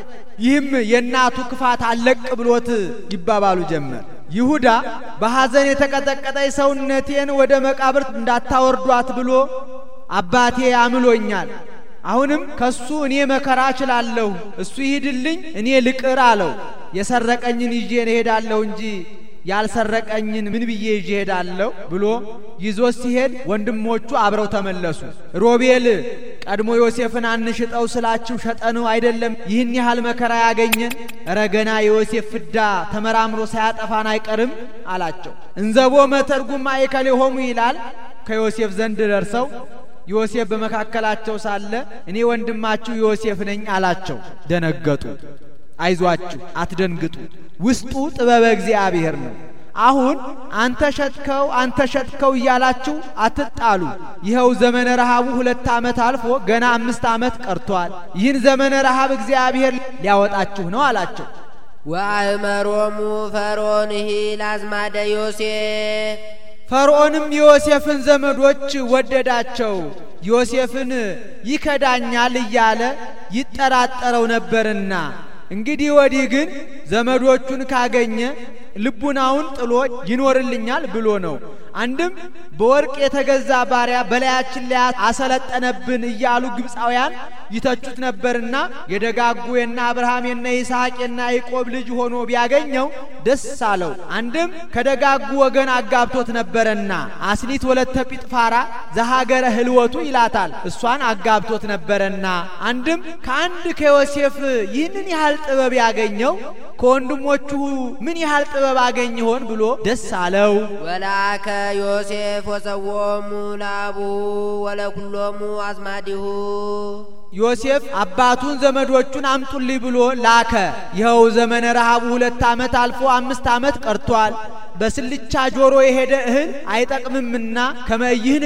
ይህም የእናቱ ክፋት አለቅ ብሎት ይባባሉ ጀመር። ይሁዳ በሐዘን የተቀጠቀጠች ሰውነቴን ወደ መቃብር እንዳታወርዷት ብሎ አባቴ አምሎኛል አሁንም ከሱ እኔ መከራ እችላለሁ፣ እሱ ይሂድልኝ፣ እኔ ልቅር አለው። የሰረቀኝን ይዤ እሄዳለሁ እንጂ ያልሰረቀኝን ምን ብዬ ይዤ እሄዳለሁ ብሎ ይዞ ሲሄድ ወንድሞቹ አብረው ተመለሱ። ሮቤል ቀድሞ ዮሴፍን አንሽጠው ስላችሁ ሸጠነው አይደለም ይህን ያህል መከራ ያገኘን? እረ ገና የዮሴፍ ፍዳ ተመራምሮ ሳያጠፋን አይቀርም አላቸው። እንዘቦ መተርጉማ ሆሙ ይላል። ከዮሴፍ ዘንድ ደርሰው ዮሴፍ በመካከላቸው ሳለ እኔ ወንድማችሁ ዮሴፍ ነኝ አላቸው። ደነገጡ። አይዟችሁ፣ አትደንግጡ፣ ውስጡ ጥበበ እግዚአብሔር ነው። አሁን አንተ ሸጥከው፣ አንተ ሸጥከው እያላችሁ አትጣሉ። ይኸው ዘመነ ረሃቡ ሁለት ዓመት አልፎ ገና አምስት ዓመት ቀርቷል። ይህን ዘመነ ረሃብ እግዚአብሔር ሊያወጣችሁ ነው አላቸው። ወአእመሮሙ ፈርዖን ይሂ ዮሴፍ ፈርዖንም ዮሴፍን ዘመዶች ወደዳቸው። ዮሴፍን ይከዳኛል እያለ ይጠራጠረው ነበርና፣ እንግዲህ ወዲህ ግን ዘመዶቹን ካገኘ ልቡናውን ጥሎ ይኖርልኛል ብሎ ነው። አንድም በወርቅ የተገዛ ባሪያ በላያችን ላይ አሰለጠነብን እያሉ ግብፃውያን ይተቹት ነበርና የደጋጉ የና አብርሃም የና ይስሐቅ የና ያዕቆብ ልጅ ሆኖ ቢያገኘው ደስ አለው። አንድም ከደጋጉ ወገን አጋብቶት ነበረና አስኒት ወለተ ጲጥፋራ ዘሀገረ ህልወቱ ይላታል። እሷን አጋብቶት ነበረና አንድም ከአንድ ከዮሴፍ ይህንን ያህል ጥበብ ያገኘው ከወንድሞቹ ምን ያህል ጥበብ አገኝ ይሆን ብሎ ደስ አለው። ወላከ ዮሴፍ ወሰዎሙ ላቡ ወለኩሎሙ አዝማዲሁ ዮሴፍ አባቱን ዘመዶቹን አምጡልኝ ብሎ ላከ። ይኸው ዘመነ ረሃቡ ሁለት ዓመት አልፎ አምስት ዓመት ቀርቷል። በስልቻ ጆሮ የሄደ እህል አይጠቅምምና ከመይህን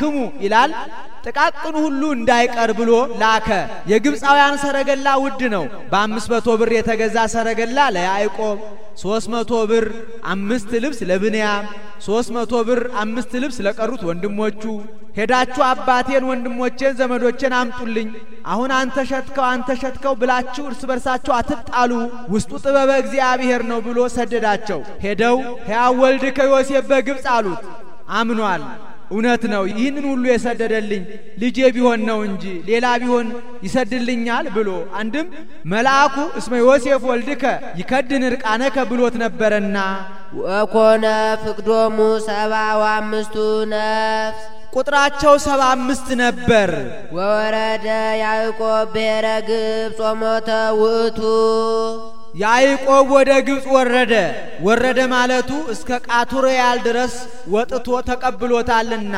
ክሙ ይላል። ጥቃቅኑ ሁሉ እንዳይቀር ብሎ ላከ። የግብፃውያን ሰረገላ ውድ ነው። በአምስት መቶ ብር የተገዛ ሰረገላ ለያዕቆብ፣ ሶስት መቶ ብር አምስት ልብስ ለብንያም፣ ሶስት መቶ ብር አምስት ልብስ ለቀሩት ወንድሞቹ። ሄዳችሁ አባቴን፣ ወንድሞቼን፣ ዘመዶቼን አምጡልኝ፣ አሁን አንተ ሸጥከው አንተ ሸጥከው ብላችሁ እርስ በርሳችሁ አትጣሉ፣ ውስጡ ጥበበ እግዚአብሔር ነው ብሎ ሰደዳቸው። ሄደው ሕያው ወልድከ ዮሴፍ በግብፅ አሉት። አምኗል። እውነት ነው፣ ይህንን ሁሉ የሰደደልኝ ልጄ ቢሆን ነው እንጂ ሌላ ቢሆን ይሰድልኛል ብሎ አንድም መልአኩ እስመ ዮሴፍ ወልድከ ይከድን እርቃነከ ብሎት ነበረና ወኮነ ፍቅዶሙ ሰባ ወአምስቱ ነፍስ ቁጥራቸው ሰባ አምስት ነበር። ወወረደ ያዕቆብ ብሔረ ግብፅ ውእቱ ያዕቆብ ወደ ግብፅ ወረደ። ወረደ ማለቱ እስከ ያል ድረስ ወጥቶ ተቀብሎታልና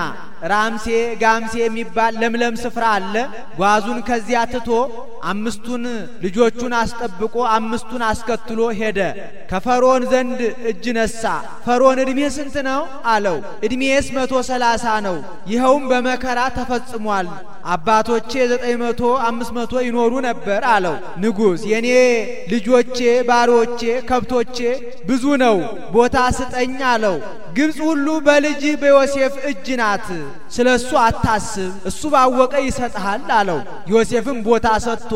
ራምሴ ጋምሴ የሚባል ለምለም ስፍራ አለ። ጓዙን ከዚያ ትቶ አምስቱን ልጆቹን አስጠብቆ አምስቱን አስከትሎ ሄደ። ከፈርዖን ዘንድ እጅ ነሳ። ፈርዖን ዕድሜ ስንት ነው አለው። ዕድሜስ መቶ ሰላሳ ነው። ይኸውም በመከራ ተፈጽሟል። አባቶቼ ዘጠኝ መቶ አምስት መቶ ይኖሩ ነበር አለው። ንጉሥ የእኔ ልጆች ባሮቼ፣ ከብቶቼ ብዙ ነው፣ ቦታ ስጠኝ አለው። ግብፅ ሁሉ በልጅህ በዮሴፍ እጅ ናት፣ ስለ እሱ አታስብ፣ እሱ ባወቀ ይሰጥሃል አለው። ዮሴፍም ቦታ ሰጥቶ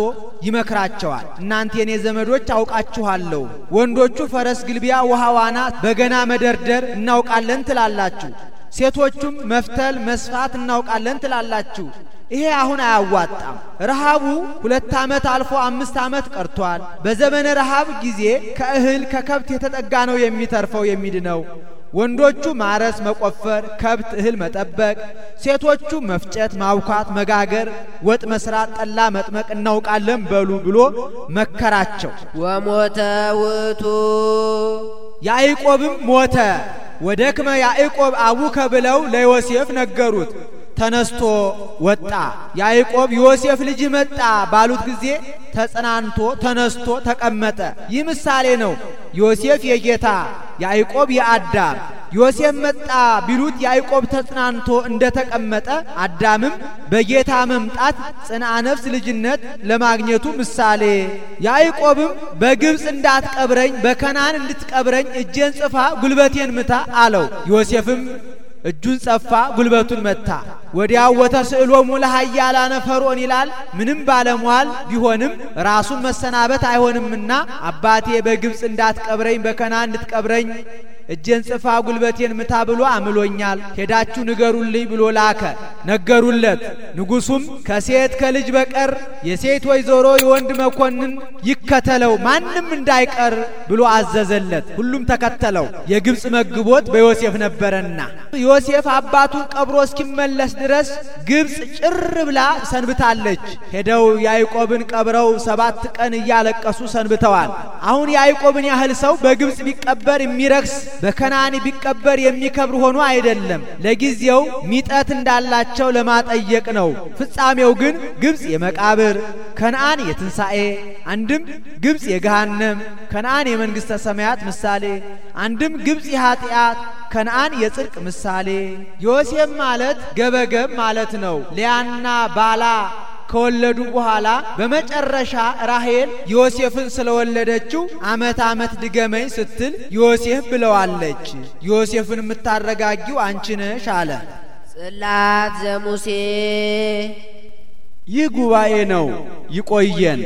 ይመክራቸዋል። እናንተ የኔ ዘመዶች አውቃችኋለሁ፣ ወንዶቹ ፈረስ ግልቢያ፣ ውሃ ዋና፣ በገና መደርደር እናውቃለን ትላላችሁ፣ ሴቶቹም መፍተል መስፋት እናውቃለን ትላላችሁ ይሄ አሁን አያዋጣም። ረሃቡ ሁለት ዓመት አልፎ አምስት ዓመት ቀርቷል። በዘመነ ረሃብ ጊዜ ከእህል ከከብት የተጠጋ ነው የሚተርፈው የሚድነው። ወንዶቹ ማረስ፣ መቆፈር፣ ከብት እህል መጠበቅ፣ ሴቶቹ መፍጨት፣ ማውካት፣ መጋገር፣ ወጥ መስራት፣ ጠላ መጥመቅ እናውቃለን በሉ ብሎ መከራቸው። ወሞተ ውእቱ ያዕቆብም ሞተ። ወደክመ ያዕቆብ አቡከ ብለው ለዮሴፍ ነገሩት። ተነስቶ ወጣ። ያዕቆብ ዮሴፍ ልጅ መጣ ባሉት ጊዜ ተጽናንቶ ተነስቶ ተቀመጠ። ይህ ምሳሌ ነው። ዮሴፍ የጌታ ያዕቆብ የአዳም ዮሴፍ መጣ ቢሉት ያዕቆብ ተጽናንቶ እንደተቀመጠ አዳምም በጌታ መምጣት ጽንዓ ነፍስ ልጅነት ለማግኘቱ ምሳሌ ያዕቆብም በግብፅ እንዳትቀብረኝ በከናን እንድትቀብረኝ እጄን ጽፋ ጉልበቴን ምታ አለው። ዮሴፍም እጁን ጸፋ፣ ጉልበቱን መታ። ወዲያው ወተስዕሎ ሙለ ኃያላነ ፈርዖን ይላል። ምንም ባለሟል ቢሆንም ራሱን መሰናበት አይሆንምና አባቴ በግብፅ እንዳትቀብረኝ በከና እንድትቀብረኝ እጄን ጽፋ ጉልበቴን ምታ ብሎ አምሎኛል፣ ሄዳችሁ ንገሩልኝ ብሎ ላከ። ነገሩለት። ንጉሱም ከሴት ከልጅ በቀር የሴት ወይዘሮ የወንድ መኮንን ይከተለው ማንም እንዳይቀር ብሎ አዘዘለት። ሁሉም ተከተለው። የግብፅ መግቦት በዮሴፍ ነበረና ዮሴፍ አባቱን ቀብሮ እስኪመለስ ድረስ ግብፅ ጭር ብላ ሰንብታለች። ሄደው ያዕቆብን ቀብረው ሰባት ቀን እያለቀሱ ሰንብተዋል። አሁን ያዕቆብን ያህል ሰው በግብፅ ቢቀበር የሚረክስ በከናን ቢቀበር የሚከብር ሆኖ አይደለም። ለጊዜው ሚጠት እንዳላቸው ለማጠየቅ ነው። ፍጻሜው ግን ግብፅ የመቃብር ከነአን የትንሣኤ አንድም ግብፅ የገሃነም ከነአን የመንግሥተ ሰማያት ምሳሌ አንድም ግብፅ የኀጢአት ከነአን የጽድቅ ምሳሌ። ዮሴፍ ማለት ገበገብ ማለት ነው። ሊያና ባላ ከወለዱ በኋላ በመጨረሻ ራሄል ዮሴፍን ስለወለደችው አመት አመት ድገመኝ ስትል ዮሴፍ ብለዋለች። ዮሴፍን የምታረጋጊው አንቺ ነሽ አለ። ጽላት ዘሙሴ ይህ ጉባኤ ነው። ይቆየን።